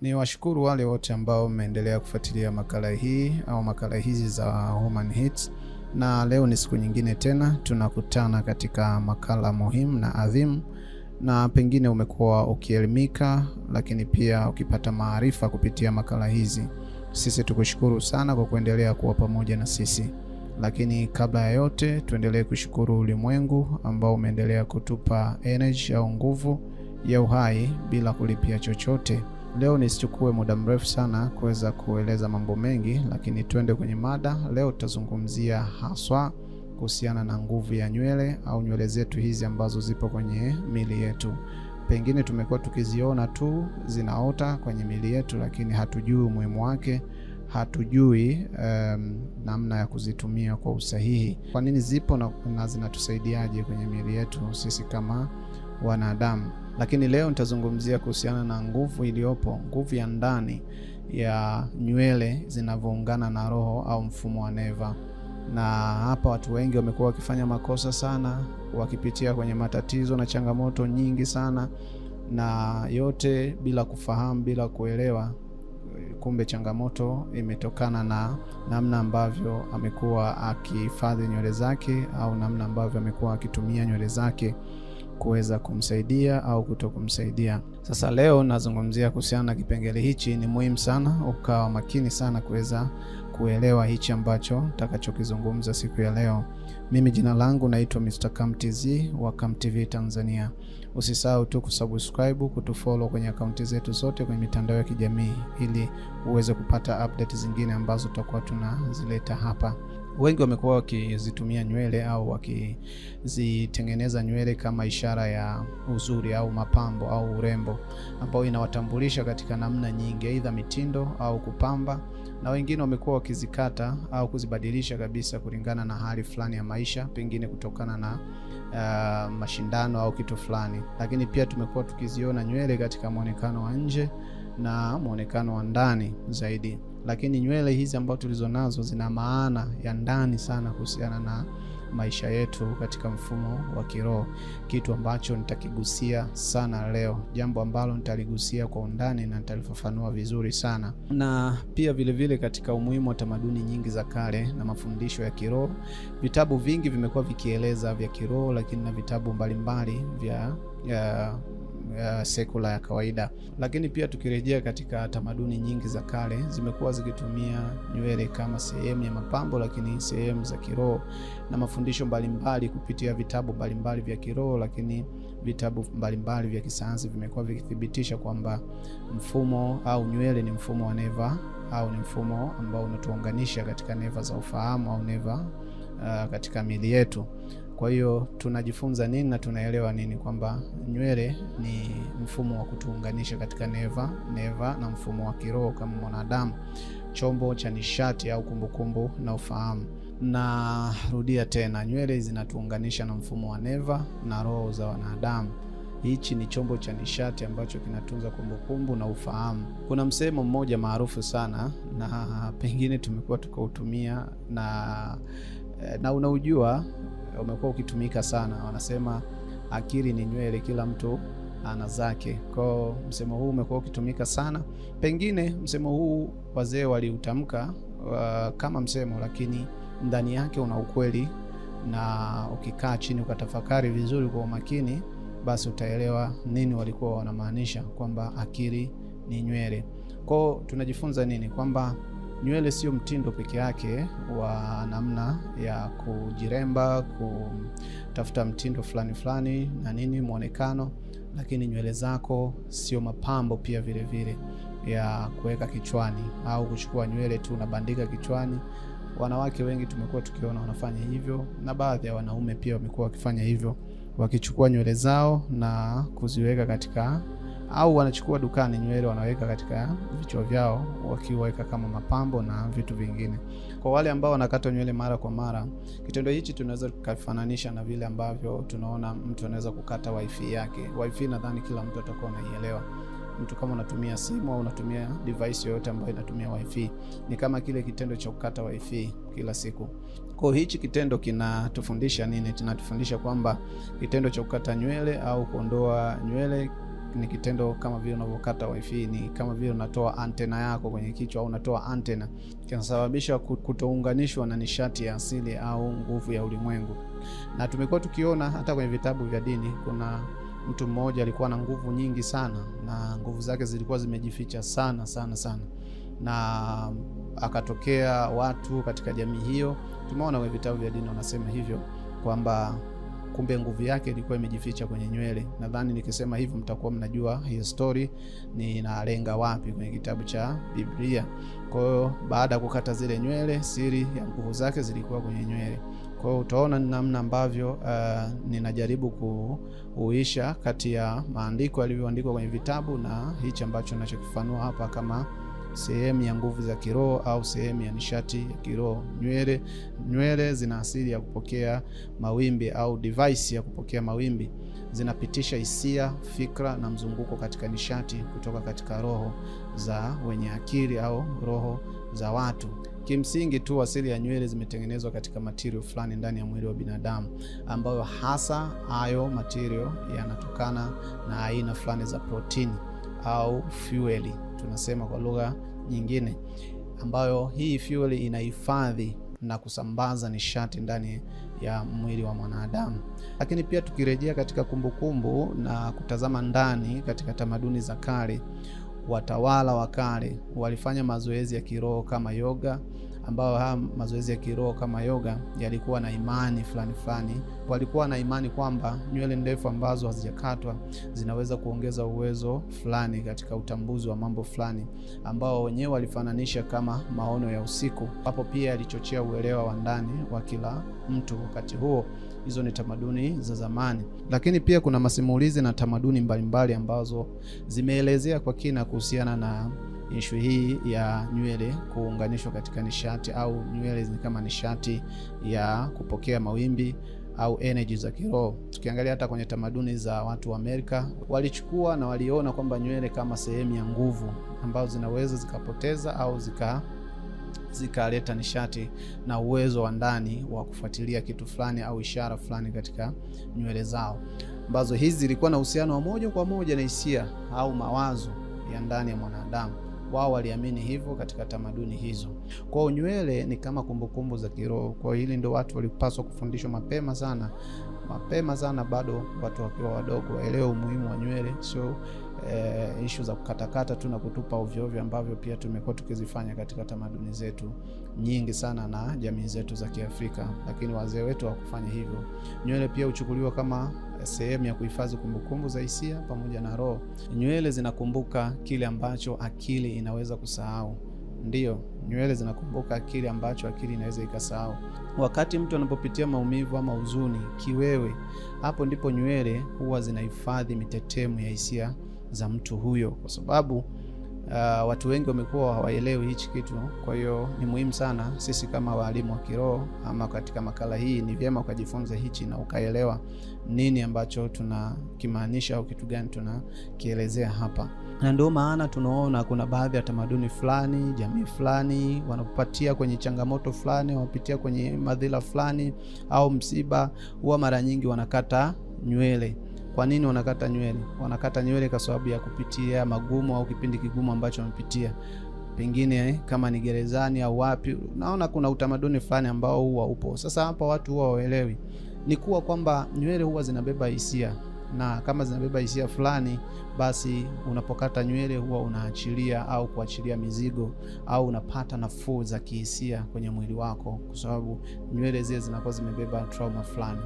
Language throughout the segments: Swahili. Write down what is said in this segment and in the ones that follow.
Ni washukuru wale wote ambao mmeendelea kufuatilia makala hii au makala hizi za Human Hits, na leo ni siku nyingine tena tunakutana katika makala muhimu na adhimu, na pengine umekuwa ukielimika, lakini pia ukipata maarifa kupitia makala hizi. Sisi tukushukuru sana kwa kuendelea kuwa pamoja na sisi, lakini kabla ya yote tuendelee kushukuru ulimwengu ambao umeendelea kutupa energy au nguvu ya uhai bila kulipia chochote. Leo nisichukue muda mrefu sana kuweza kueleza mambo mengi, lakini twende kwenye mada. Leo tutazungumzia haswa kuhusiana na nguvu ya nywele au nywele zetu hizi ambazo zipo kwenye mili yetu. Pengine tumekuwa tukiziona tu zinaota kwenye mili yetu, lakini hatujui umuhimu wake, hatujui um, namna ya kuzitumia kwa usahihi. Kwa nini zipo na, na zinatusaidiaje kwenye mili yetu sisi kama wanadamu? Lakini leo nitazungumzia kuhusiana na nguvu iliyopo, nguvu ya ndani ya nywele zinavyoungana na roho au mfumo wa neva. Na hapa watu wengi wamekuwa wakifanya makosa sana, wakipitia kwenye matatizo na changamoto nyingi sana, na yote bila kufahamu, bila kuelewa kumbe changamoto imetokana na namna ambavyo amekuwa akihifadhi nywele zake au namna ambavyo amekuwa akitumia nywele zake kuweza kumsaidia au kutokumsaidia. Sasa leo nazungumzia kuhusiana na kipengele hichi, ni muhimu sana ukawa makini sana kuweza kuelewa hichi ambacho takachokizungumza siku ya leo. Mimi jina langu naitwa Mr. Kam TZ wa Kam TV Tanzania. Usisahau tu kusubscribe, kutufollow kwenye akaunti zetu zote kwenye mitandao ya kijamii ili uweze kupata update zingine ambazo tutakuwa tunazileta hapa wengi wamekuwa wakizitumia nywele au wakizitengeneza nywele kama ishara ya uzuri au mapambo au urembo, ambao inawatambulisha katika namna nyingi, aidha mitindo au kupamba, na wengine wamekuwa wakizikata au kuzibadilisha kabisa kulingana na hali fulani ya maisha, pengine kutokana na uh, mashindano au kitu fulani. Lakini pia tumekuwa tukiziona nywele katika mwonekano wa nje na mwonekano wa ndani zaidi lakini nywele hizi ambazo tulizonazo zina maana ya ndani sana kuhusiana na maisha yetu katika mfumo wa kiroho, kitu ambacho nitakigusia sana leo, jambo ambalo nitaligusia kwa undani na nitalifafanua vizuri sana, na pia vilevile vile katika umuhimu wa tamaduni nyingi za kale na mafundisho ya kiroho. Vitabu vingi vimekuwa vikieleza vya kiroho, lakini na vitabu mbalimbali mbali vya uh, sekula ya kawaida. Lakini pia tukirejea katika tamaduni nyingi za kale, zimekuwa zikitumia nywele kama sehemu ya mapambo, lakini sehemu za kiroho na mafundisho mbalimbali kupitia vitabu mbalimbali vya kiroho, lakini vitabu mbalimbali vya kisayansi vimekuwa vikithibitisha kwamba mfumo au nywele ni mfumo wa neva au ni mfumo ambao unatuunganisha katika neva za ufahamu au neva uh, katika miili yetu kwa hiyo tunajifunza nini na tunaelewa nini? Kwamba nywele ni mfumo wa kutuunganisha katika neva, neva na mfumo wa kiroho kama mwanadamu, chombo cha nishati au kumbukumbu na ufahamu. Narudia tena, nywele zinatuunganisha na mfumo wa neva na roho za wanadamu. Hichi ni chombo cha nishati ambacho kinatunza kumbukumbu na ufahamu. Kuna msemo mmoja maarufu sana, na pengine tumekuwa tukautumia na eh, na unaujua umekuwa ukitumika sana. Wanasema akili ni nywele, kila mtu ana zake. Kwao msemo huu umekuwa ukitumika sana, pengine msemo huu wazee waliutamka uh, kama msemo, lakini ndani yake una ukweli, na ukikaa chini ukatafakari vizuri kwa umakini, basi utaelewa nini walikuwa wanamaanisha kwamba akili ni nywele. Kwao tunajifunza nini? Kwamba nywele sio mtindo peke yake wa namna ya kujiremba, kutafuta mtindo fulani fulani na nini mwonekano, lakini nywele zako sio mapambo pia vile vile ya kuweka kichwani au kuchukua nywele tu unabandika kichwani. Wanawake wengi tumekuwa tukiona wanafanya hivyo, na baadhi ya wanaume pia wamekuwa wakifanya hivyo, wakichukua nywele zao na kuziweka katika au wanachukua dukani nywele wanaweka katika vichwa vyao wakiweka kama mapambo na vitu vingine. Kwa wale ambao wanakata nywele mara kwa mara, kitendo hichi tunaweza tukafananisha na vile ambavyo tunaona mtu anaweza kukata wifi yake. Wifi nadhani kila mtu atakuwa anaielewa. Mtu kama unatumia simu au unatumia device yoyote ambayo inatumia wifi, ni kama kile kitendo cha kukata wifi kila siku. Kwa hichi kitendo kinatufundisha nini? Tunatufundisha kwamba kitendo cha kukata nywele au kuondoa nywele ni kitendo kama vile unavyokata wifi, ni kama vile unatoa antena yako kwenye kichwa au unatoa antena, kinasababisha kutounganishwa na nishati ya asili au nguvu ya ulimwengu. Na tumekuwa tukiona hata kwenye vitabu vya dini, kuna mtu mmoja alikuwa na nguvu nyingi sana, na nguvu zake zilikuwa zimejificha sana sana sana, na akatokea watu katika jamii hiyo, tumeona kwenye vitabu vya dini wanasema hivyo kwamba kumbe nguvu yake ilikuwa imejificha kwenye nywele. Nadhani nikisema hivyo mtakuwa mnajua hiyo story ninalenga wapi kwenye kitabu cha Biblia. Kwa hiyo baada ya kukata zile nywele, siri ya nguvu zake zilikuwa kwenye nywele. Kwa hiyo utaona ni namna ambavyo uh, ninajaribu kuuisha kati ya maandiko yalivyoandikwa kwenye vitabu na hichi ambacho ninachokifanua hapa kama sehemu ya nguvu za kiroho au sehemu ya nishati ya kiroho. Nywele nywele zina asili ya kupokea mawimbi au device ya kupokea mawimbi, zinapitisha hisia, fikra na mzunguko katika nishati kutoka katika roho za wenye akili au roho za watu. Kimsingi tu asili ya nywele zimetengenezwa katika material fulani ndani ya mwili wa binadamu, ambayo hasa hayo material yanatokana na aina fulani za protini au fueli tunasema kwa lugha nyingine, ambayo hii fueli inahifadhi na kusambaza nishati ndani ya mwili wa mwanadamu. Lakini pia tukirejea katika kumbukumbu kumbu na kutazama ndani katika tamaduni za kale, watawala wa kale walifanya mazoezi ya kiroho kama yoga ambao haya mazoezi ya kiroho kama yoga yalikuwa na imani fulani fulani. Walikuwa na imani kwamba nywele ndefu ambazo hazijakatwa zinaweza kuongeza uwezo fulani katika utambuzi wa mambo fulani, ambao wenyewe walifananisha kama maono ya usiku. Hapo pia yalichochea uelewa wa ndani wa kila mtu wakati huo. Hizo ni tamaduni za zamani, lakini pia kuna masimulizi na tamaduni mbalimbali mbali ambazo zimeelezea kwa kina kuhusiana na ishu hii ya nywele kuunganishwa katika nishati au nywele ni kama nishati ya kupokea mawimbi au energy za kiroho. Tukiangalia hata kwenye tamaduni za watu wa Amerika, walichukua na waliona kwamba nywele kama sehemu ya nguvu ambazo zinaweza zikapoteza au zika zikaleta nishati na uwezo wa ndani wa kufuatilia kitu fulani au ishara fulani katika nywele zao, ambazo hizi zilikuwa na uhusiano wa moja kwa moja na hisia au mawazo ya ndani ya mwanadamu wao waliamini hivyo katika tamaduni hizo. Kwao nywele ni kama kumbukumbu za kiroho. Kwa hili ndio watu walipaswa kufundishwa mapema sana, mapema sana, bado watu wakiwa wadogo, waelewe umuhimu wa nywele, sio eh, ishu za kukatakata tu na kutupa ovyoovyo ambavyo pia tumekuwa tukizifanya katika tamaduni zetu nyingi sana na jamii zetu za Kiafrika, lakini wazee wetu hawakufanya hivyo. Nywele pia huchukuliwa kama sehemu ya kuhifadhi kumbukumbu za hisia pamoja na roho. Nywele zinakumbuka kile ambacho akili inaweza kusahau. Ndiyo, nywele zinakumbuka kile ambacho akili inaweza ikasahau. Wakati mtu anapopitia maumivu ama huzuni, kiwewe, hapo ndipo nywele huwa zinahifadhi mitetemo ya hisia za mtu huyo, kwa sababu uh, watu wengi wamekuwa hawaelewi hichi kitu. Kwa hiyo ni muhimu sana sisi kama waalimu wa kiroho ama katika makala hii, ni vyema ukajifunza hichi na ukaelewa nini ambacho tunakimaanisha au kitu gani tunakielezea hapa na ndio maana tunaona kuna baadhi ya tamaduni fulani, jamii fulani, wanapopatia kwenye changamoto fulani, wanapitia kwenye madhila fulani au msiba, huwa mara nyingi wanakata nywele. Kwa nini wanakata nywele? Wanakata nywele kwa sababu ya kupitia magumu au kipindi kigumu ambacho wamepitia, pengine eh, kama ni gerezani au wapi. Naona kuna utamaduni fulani ambao huwa upo. Sasa hapa watu huwa waelewi ni kuwa kwamba nywele huwa zinabeba hisia na kama zinabeba hisia fulani, basi unapokata nywele huwa unaachilia au kuachilia mizigo au unapata nafuu za kihisia kwenye mwili wako, kwa sababu nywele zile zinakuwa zimebeba trauma fulani.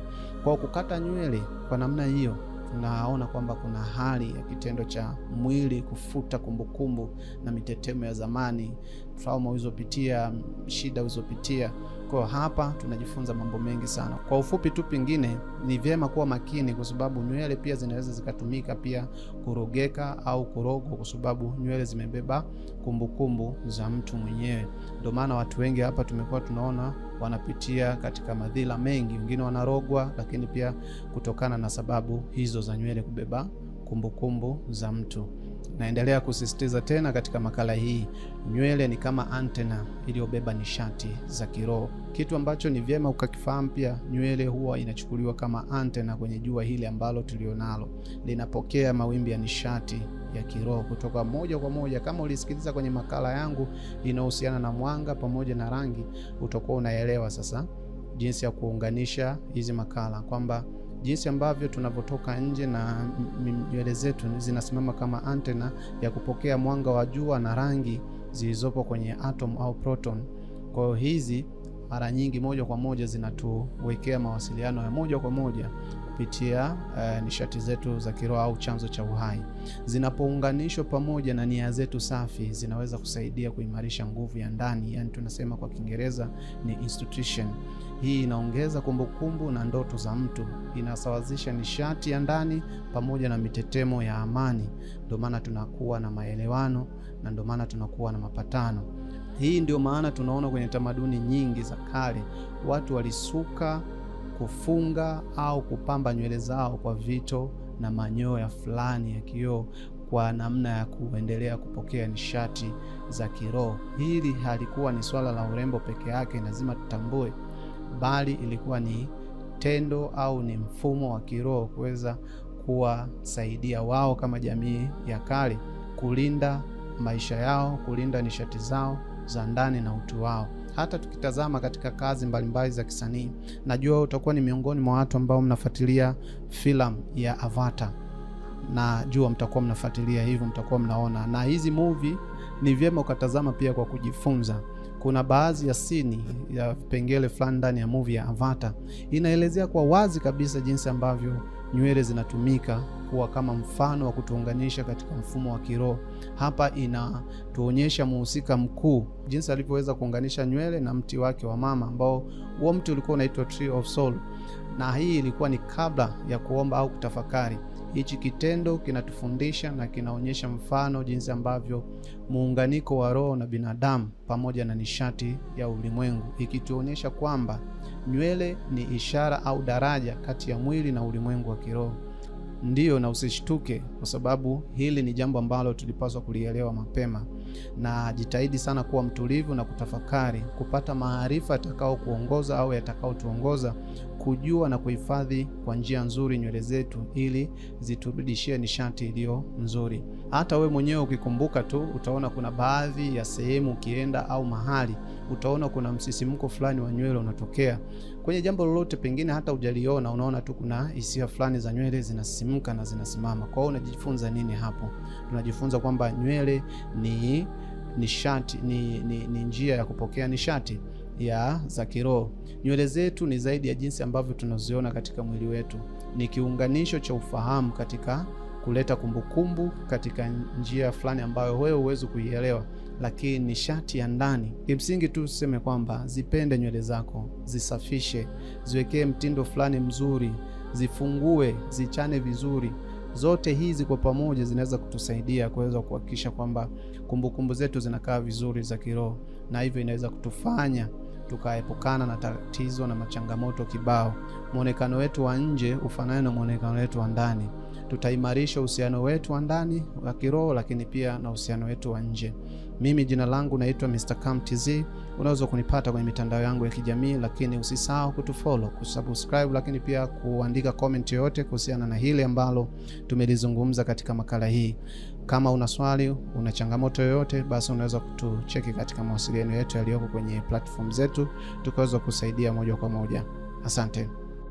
Kwa kukata nywele kwa namna hiyo tunaona kwamba kuna hali ya kitendo cha mwili kufuta kumbukumbu na mitetemo ya zamani, trauma ulizopitia, shida ulizopitia. Kwa hapa tunajifunza mambo mengi sana. Kwa ufupi tu, pengine ni vyema kuwa makini, kwa sababu nywele pia zinaweza zikatumika pia kurogeka au kurogwa, kwa sababu nywele zimebeba kumbukumbu za mtu mwenyewe. Ndio maana watu wengi hapa tumekuwa tunaona wanapitia katika madhila mengi, wengine wanarogwa, lakini pia kutokana na sababu hizo za nywele kubeba kumbukumbu kumbu za mtu. Naendelea kusisitiza tena katika makala hii, nywele ni kama antena iliyobeba nishati za kiroho, kitu ambacho ni vyema ukakifahamu pia. Nywele huwa inachukuliwa kama antena kwenye jua hili ambalo tulionalo, linapokea mawimbi ya nishati ya kiroho kutoka moja kwa moja. Kama ulisikiliza kwenye makala yangu inayohusiana na mwanga pamoja na rangi, utakuwa unaelewa sasa jinsi ya kuunganisha hizi makala kwamba jinsi ambavyo tunavyotoka nje na nywele zetu zinasimama kama antena ya kupokea mwanga wa jua na rangi zilizopo kwenye atom au proton. Kwa hiyo hizi mara nyingi moja kwa moja zinatuwekea mawasiliano ya moja kwa moja kupitia uh, nishati zetu za kiroho au chanzo cha uhai. Zinapounganishwa pamoja na nia zetu safi, zinaweza kusaidia kuimarisha nguvu ya ndani, yani tunasema kwa Kiingereza ni institution. Hii inaongeza kumbukumbu na ndoto za mtu, inasawazisha nishati ya ndani pamoja na mitetemo ya amani. Ndio maana tunakuwa na maelewano na ndio maana tunakuwa na mapatano. Hii ndio maana tunaona kwenye tamaduni nyingi za kale watu walisuka kufunga au kupamba nywele zao kwa vito na manyoya fulani ya kioo kwa namna ya kuendelea kupokea nishati za kiroho. Hili halikuwa ni swala la urembo peke yake, lazima tutambue, bali ilikuwa ni tendo au ni mfumo wa kiroho kuweza kuwasaidia wao kama jamii ya kale kulinda maisha yao, kulinda nishati zao za ndani na utu wao. Hata tukitazama katika kazi mbalimbali za kisanii, najua utakuwa ni miongoni mwa watu ambao mnafuatilia filamu ya avata na jua mtakuwa mnafuatilia hivyo, mtakuwa mnaona na hizi muvi Ni vyema ukatazama pia kwa kujifunza. Kuna baadhi ya sini ya vipengele fulani ndani ya muvi ya avata inaelezea kwa wazi kabisa jinsi ambavyo nywele zinatumika kuwa kama mfano wa kutuunganisha katika mfumo wa kiroho. Hapa inatuonyesha muhusika mkuu jinsi alivyoweza kuunganisha nywele na mti wake wa mama, ambao huo mti ulikuwa unaitwa Tree of Soul, na hii ilikuwa ni kabla ya kuomba au kutafakari. Hichi kitendo kinatufundisha na kinaonyesha mfano jinsi ambavyo muunganiko wa roho na binadamu pamoja na nishati ya ulimwengu, ikituonyesha kwamba nywele ni ishara au daraja kati ya mwili na ulimwengu wa kiroho. Ndiyo, na usishtuke kwa sababu hili ni jambo ambalo tulipaswa kulielewa mapema na jitahidi sana kuwa mtulivu na kutafakari, kupata maarifa yatakaokuongoza au yatakaotuongoza kujua na kuhifadhi kwa njia nzuri nywele zetu ili ziturudishie nishati iliyo nzuri. Hata we mwenyewe ukikumbuka tu utaona kuna baadhi ya sehemu ukienda au mahali utaona kuna msisimko fulani wa nywele unatokea kwenye jambo lolote, pengine hata hujaliona, unaona tu kuna hisia fulani za nywele zinasimka na zinasimama. Kwa hiyo unajifunza nini hapo? Tunajifunza kwamba nywele ni nishati, ni, ni, ni njia ya kupokea nishati ya za kiroho. Nywele zetu ni zaidi ya jinsi ambavyo tunaziona katika mwili wetu, ni kiunganisho cha ufahamu katika kuleta kumbukumbu katika njia fulani ambayo wewe huwezi kuielewa lakini nishati ya ndani. Kimsingi tu tuseme kwamba zipende nywele zako, zisafishe, ziwekee mtindo fulani mzuri, zifungue, zichane vizuri. Zote hizi kwa pamoja zinaweza kutusaidia kuweza kuhakikisha kwamba kumbukumbu zetu zinakaa vizuri za kiroho, na hivyo inaweza kutufanya tukaepukana na tatizo na machangamoto kibao. Mwonekano wetu wa nje ufanane na mwonekano wetu wa ndani. Tutaimarisha uhusiano wetu wa ndani wa kiroho, lakini pia na uhusiano wetu wa nje. Mimi jina langu naitwa Mr. Kam TZ. Unaweza kunipata kwenye mitandao yangu ya kijamii, lakini usisahau kutufollow, kusubscribe, lakini pia kuandika comment yoyote kuhusiana na hili ambalo tumelizungumza katika makala hii. Kama una swali, una changamoto yoyote, basi unaweza kutucheki katika mawasiliano yetu yaliyoko kwenye platform zetu, tukaweza kusaidia moja kwa moja. Asante.